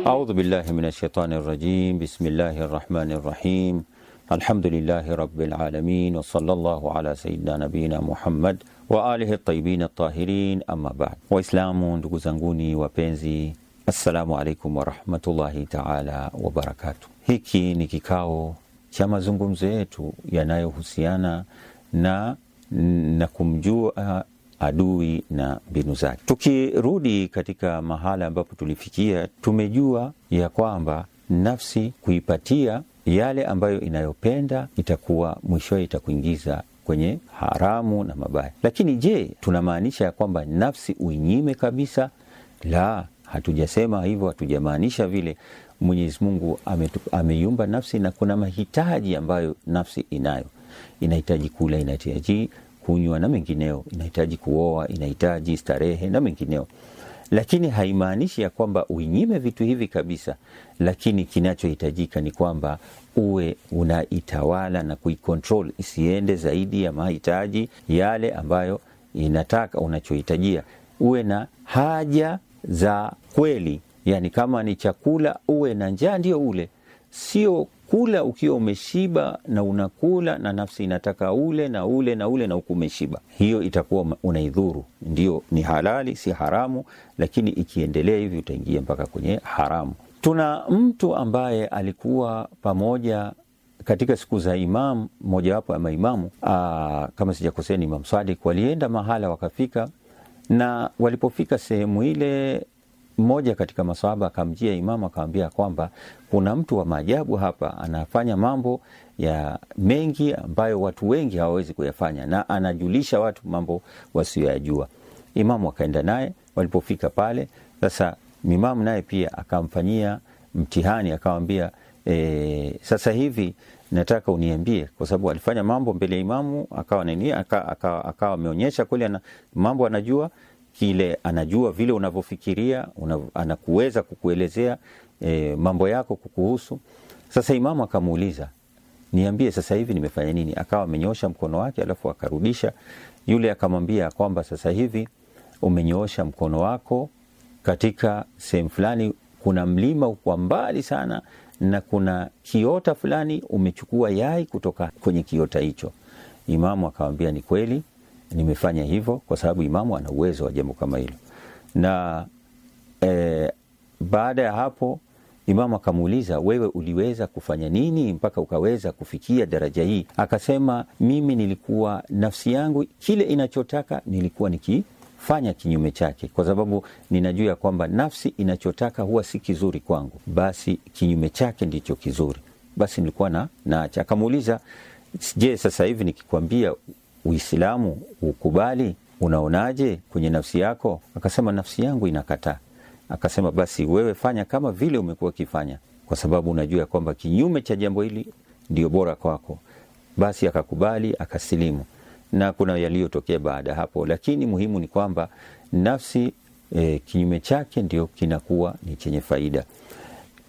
Audhu billahi minash shaitani rajim. Bismillahi rahmani rahim Alhamdulillahi rabbil alamin wa sallallahu ala sayyidina nabina Muhammad wa alihi tayyibin tahirin, amma ba'd. Waislamu ndugu zanguni wapenzi, assalamu alaikum wa rahmatullahi ta'ala wa barakatuh. Hiki ni kikao cha mazungumzo yetu yanayohusiana na na kumjua adui na mbinu zake. Tukirudi katika mahala ambapo tulifikia, tumejua ya kwamba nafsi kuipatia yale ambayo inayopenda itakuwa mwishowe itakuingiza kwenye haramu na mabaya. Lakini je, tunamaanisha ya kwamba nafsi uinyime kabisa? La, hatujasema hivyo, hatujamaanisha vile. Mwenyezi Mungu ameiumba nafsi na kuna mahitaji ambayo nafsi inayo, inahitaji kula, inahitaji kunywa na mengineo, inahitaji kuoa, inahitaji starehe na mengineo lakini haimaanishi ya kwamba uinyime vitu hivi kabisa, lakini kinachohitajika ni kwamba uwe unaitawala na kuikontrol isiende zaidi ya mahitaji yale ambayo inataka unachohitajia. Uwe na haja za kweli, yani kama ni chakula uwe na njaa ndio ule, sio kula ukiwa umeshiba na unakula na nafsi inataka ule na ule na ule na huku umeshiba, hiyo itakuwa unaidhuru. Ndio ni halali, si haramu, lakini ikiendelea hivi utaingia mpaka kwenye haramu. Tuna mtu ambaye alikuwa pamoja katika siku za Imamu, mojawapo ya maimamu ah, kama sijakosea ni Imam Sadik, walienda mahala wakafika, na walipofika sehemu ile mmoja katika masahaba akamjia Imamu akamwambia kwamba kuna mtu wa maajabu hapa, anafanya mambo ya mengi ambayo watu wengi hawawezi kuyafanya, na anajulisha watu mambo wasiyoyajua. Imamu akaenda naye, walipofika pale sasa, Imamu naye pia akamfanyia mtihani, akamwambia e, sasa hivi nataka uniambie, kwa sababu alifanya mambo mbele ya Imamu akawa nini, akawa ameonyesha kweli mambo anajua kile anajua vile unavyofikiria anakuweza kukuelezea e, mambo yako kukuhusu. Sasa imamu akamuuliza, niambie sasa hivi nimefanya nini? Akawa amenyoosha mkono wake, alafu akarudisha. Yule akamwambia kwamba sasa hivi umenyoosha mkono wako katika sehemu fulani, kuna mlima kwa mbali sana, na kuna kiota fulani, umechukua yai kutoka kwenye kiota hicho. Imamu akamwambia ni kweli nimefanya hivyo kwa sababu imamu ana uwezo wa jambo kama hilo. Na e, baada ya hapo imamu akamuuliza, wewe uliweza kufanya nini mpaka ukaweza kufikia daraja hii? Akasema, mimi nilikuwa nafsi yangu kile inachotaka nilikuwa niki fanya kinyume chake, kwa sababu ninajua ya kwamba nafsi inachotaka huwa si kizuri kwangu, basi kinyume chake ndicho kizuri, basi nilikuwa na naacha. Akamuuliza, je, sasa hivi nikikwambia Uislamu ukubali, unaonaje kwenye nafsi yako? Akasema nafsi yangu inakataa. Akasema basi wewe fanya kama vile umekuwa ukifanya, kwa sababu unajua kwamba kinyume cha jambo hili ndio bora kwako. Basi akakubali akasilimu, na kuna yaliyotokea baada hapo, lakini muhimu ni kwamba nafsi e, kinyume chake ndio kinakuwa ni chenye faida.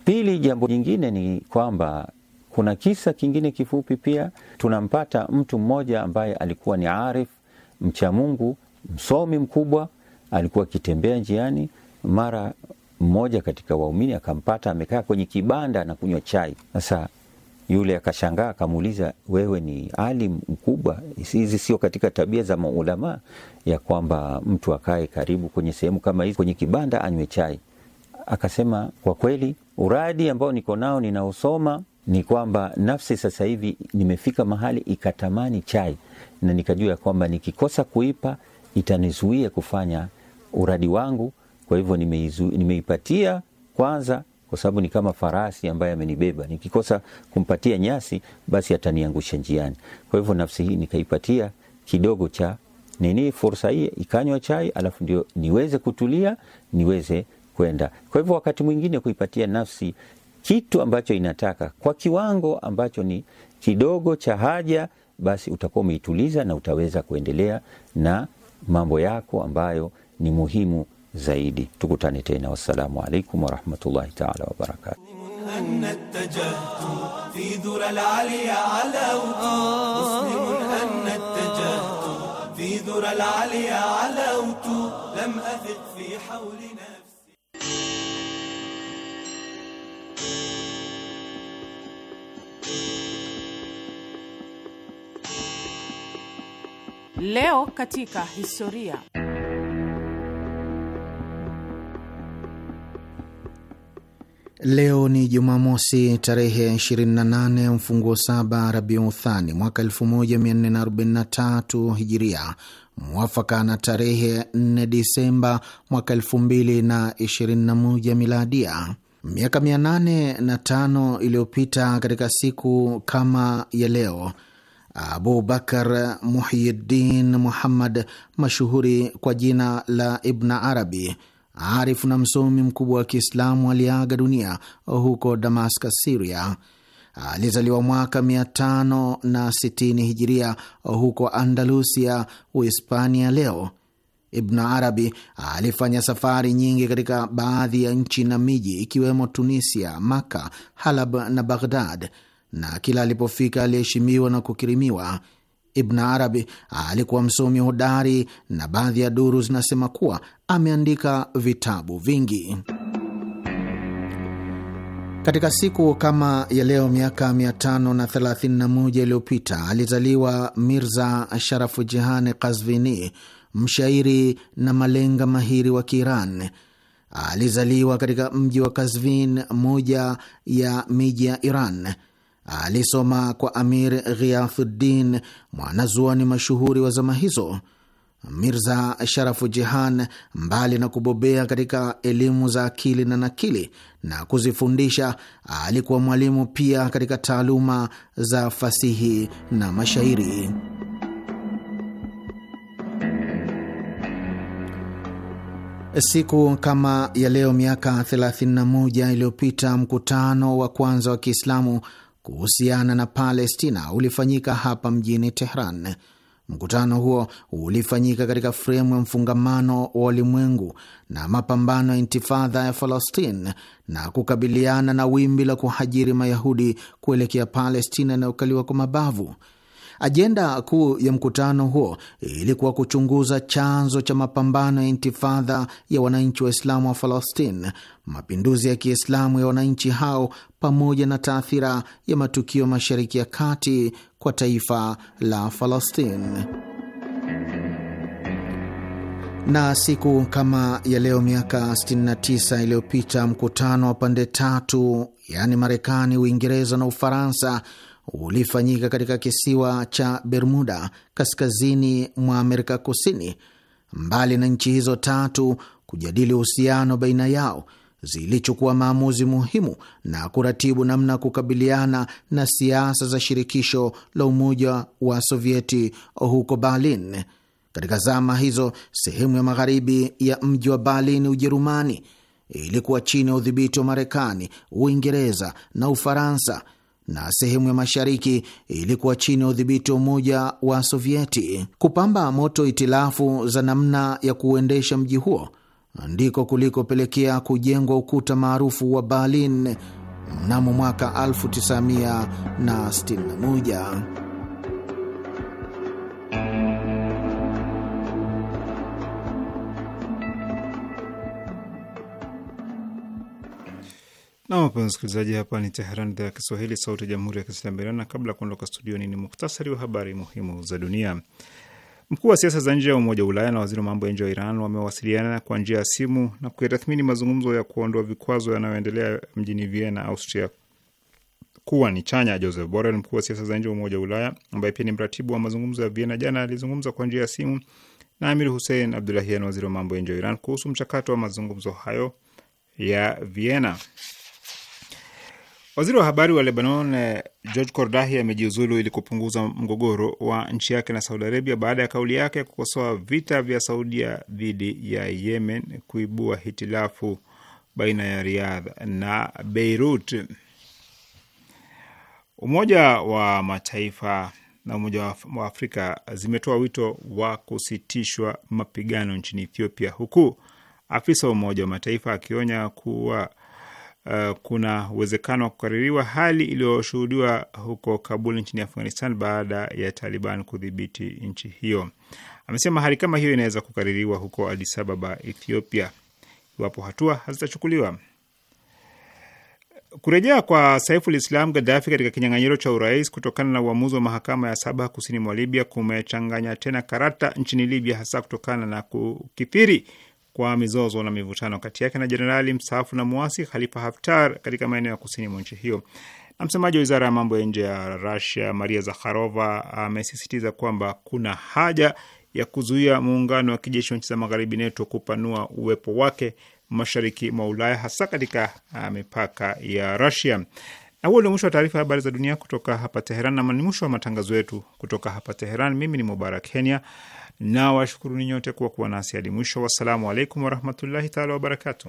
Pili, jambo jingine ni kwamba kuna kisa kingine kifupi pia, tunampata mtu mmoja ambaye alikuwa ni arif mcha Mungu, msomi mkubwa, alikuwa akitembea njiani, mara mmoja katika waumini akampata amekaa kwenye kibanda na kunywa chai. Sasa yule akashangaa, akamuuliza, wewe ni alim mkubwa, hizi sio katika tabia za maulamaa ya kwamba mtu akae karibu kwenye sehemu kama hizi, kwenye kibanda anywe chai. Akasema, kwa kweli uradi ambao niko nao ninaosoma ni kwamba nafsi sasa hivi nimefika mahali ikatamani chai, na nikajua kwamba nikikosa kuipa itanizuia kufanya uradi wangu. Kwa hivyo nimeipatia nime kwanza, kwa sababu ni kama farasi ambaye amenibeba. Nikikosa kumpatia nyasi, basi ataniangusha njiani. Kwa hivyo nafsi hii nikaipatia kidogo cha nini, fursa hii ikanywa chai, alafu ndio niweze kutulia, niweze kwenda. Kwa hivyo wakati mwingine kuipatia nafsi kitu ambacho inataka kwa kiwango ambacho ni kidogo cha haja, basi utakuwa umeituliza na utaweza kuendelea na mambo yako ambayo ni muhimu zaidi. Tukutane tena, wassalamu alaikum warahmatullahi taala wabarakatu. Leo katika historia. Leo ni Jumamosi tarehe 28 mfunguo saba Rabiuthani mwaka 1443 Hijiria, mwafaka na tarehe 4 Disemba mwaka 2021 Miladia. Miaka 805 iliyopita katika siku kama ya leo, Abu Bakar Muhyiddin Muhammad, mashuhuri kwa jina la Ibn Arabi, arifu na msomi mkubwa wa Kiislamu, aliaga dunia huko Damascus, Siria. Alizaliwa mwaka 560 hijiria huko Andalusia, Uhispania leo Ibn Arabi alifanya safari nyingi katika baadhi ya nchi na miji ikiwemo Tunisia, Maka, Halab na Baghdad, na kila alipofika aliheshimiwa na kukirimiwa. Ibn Arabi alikuwa msomi hodari na baadhi ya duru zinasema kuwa ameandika vitabu vingi. Katika siku kama ya leo miaka 531 iliyopita alizaliwa Mirza Sharafu Jihani Kazvini, mshairi na malenga mahiri wa Kiiran. Alizaliwa katika mji wa Kazvin, moja ya miji ya Iran. Alisoma kwa Amir Ghiathuddin, mwanazuoni mashuhuri wa zama hizo. Mirza Sharafu Jihan, mbali na kubobea katika elimu za akili na nakili na kuzifundisha, alikuwa mwalimu pia katika taaluma za fasihi na mashairi. Siku kama ya leo miaka 31 iliyopita mkutano wa kwanza wa Kiislamu kuhusiana na Palestina ulifanyika hapa mjini Tehran. Mkutano huo ulifanyika katika fremu ya mfungamano wa ulimwengu na mapambano ya intifadha ya Falastin na kukabiliana na wimbi la kuhajiri Mayahudi kuelekea Palestina inayokaliwa kwa mabavu. Ajenda kuu ya mkutano huo ilikuwa kuchunguza chanzo cha mapambano ya intifadha ya wananchi Waislamu wa Falastine, mapinduzi ya Kiislamu ya wananchi hao, pamoja na taathira ya matukio Mashariki ya Kati kwa taifa la Falastine na siku kama ya leo miaka 69 iliyopita mkutano wa pande tatu yaani Marekani, Uingereza na Ufaransa ulifanyika katika kisiwa cha Bermuda kaskazini mwa Amerika Kusini. Mbali na nchi hizo tatu kujadili uhusiano baina yao, zilichukua maamuzi muhimu na kuratibu namna ya kukabiliana na siasa za shirikisho la Umoja wa Sovieti huko Berlin. Katika zama hizo, sehemu ya magharibi ya mji wa Berlin, Ujerumani, ilikuwa chini ya udhibiti wa Marekani, Uingereza na Ufaransa na sehemu ya mashariki ilikuwa chini ya udhibiti wa Umoja wa Sovieti. Kupamba moto itilafu za namna ya kuuendesha mji huo ndiko kulikopelekea kujengwa ukuta maarufu wa Berlin mnamo mwaka 1961. Na wapenzi wasikilizaji, hapa ni Teheran, idhaa ya Kiswahili, sauti ya jamhuri ya kiislamu ya Iran. Na kabla ya kuondoka studioni, ni muhtasari wa habari muhimu za dunia. Mkuu wa siasa za nje ya Umoja wa Ulaya na waziri wa mambo ya nje wa Iran wamewasiliana kwa njia ya simu na kuyatathmini mazungumzo ya kuondoa vikwazo yanayoendelea mjini Vienna, Austria kuwa ni chanya. Joseph Borrell, mkuu wa siasa za nje wa Umoja wa Ulaya ambaye pia ni mratibu wa mazungumzo ya Vienna, jana alizungumza kwa njia ya simu na Amir Hussein Abdulahian, waziri wa mambo ya nje wa Iran, kuhusu mchakato wa mazungumzo hayo ya Vienna. Waziri wa habari wa Lebanon eh, George Kordahi amejiuzulu ili kupunguza mgogoro wa nchi yake na Saudi Arabia baada ya kauli yake ya kukosoa vita vya Saudia dhidi ya Yemen kuibua hitilafu baina ya Riyadh na Beirut. Umoja wa Mataifa na Umoja wa Afrika zimetoa wito wa kusitishwa mapigano nchini Ethiopia, huku afisa wa Umoja wa Mataifa akionya kuwa Eh, kuna uwezekano wa kukaririwa hali iliyoshuhudiwa huko Kabul nchini Afghanistan baada ya Taliban kudhibiti nchi hiyo. Amesema hali kama hiyo inaweza kukaririwa huko Addis Ababa, Ethiopia, iwapo hatua hazitachukuliwa. Kurejea kwa Saiful Islam Gaddafi katika kinyang'anyiro cha urais kutokana na uamuzi wa mahakama ya saba kusini mwa Libya kumechanganya tena karata nchini Libya, hasa kutokana na kukithiri kwa mizozo na mivutano kati yake na jenerali mstaafu na mwasi Khalifa Haftar katika maeneo ya kusini mwa nchi hiyo. Na msemaji wa wizara ya mambo ya nje ya Russia Maria Zakharova amesisitiza kwamba kuna haja ya kuzuia muungano wa kijeshi wa nchi za magharibi NETO kupanua uwepo wake mashariki mwa Ulaya, hasa katika ah, mipaka ya Russia. Na huo ndio mwisho wa taarifa ya habari za dunia kutoka hapa Teheran, na ni mwisho wa matangazo yetu kutoka hapa Teheran. Mimi ni Mubarak Kenya na washukuruni nyote kwa kuwa nasi hadi mwisho. Wassalamu alaikum warahmatullahi taala wabarakatu.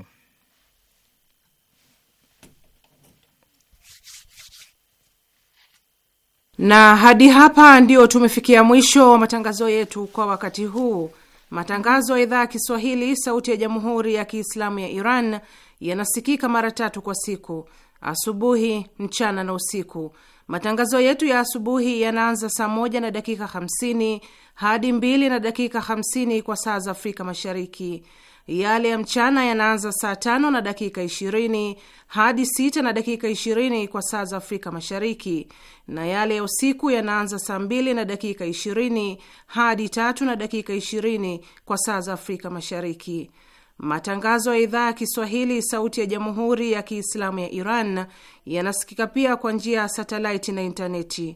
Na hadi hapa ndio tumefikia mwisho wa matangazo yetu kwa wakati huu. Matangazo ya idhaa ya Kiswahili sauti ya jamhuri ya Kiislamu ya Iran yanasikika mara tatu kwa siku: asubuhi, mchana na usiku. Matangazo yetu ya asubuhi yanaanza saa moja na dakika hamsini hadi mbili na dakika 50 kwa saa za Afrika Mashariki. Yale ya mchana yanaanza saa tano na dakika 20 hadi sita na dakika 20 kwa saa za Afrika Mashariki, na yale ya usiku yanaanza saa mbili na dakika 20 hadi tatu na dakika 20 kwa saa za Afrika Mashariki. Matangazo ya idhaa ya Kiswahili sauti ya Jamhuri ya Kiislamu ya Iran yanasikika pia kwa njia ya satelaiti na intaneti.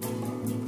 Thank you.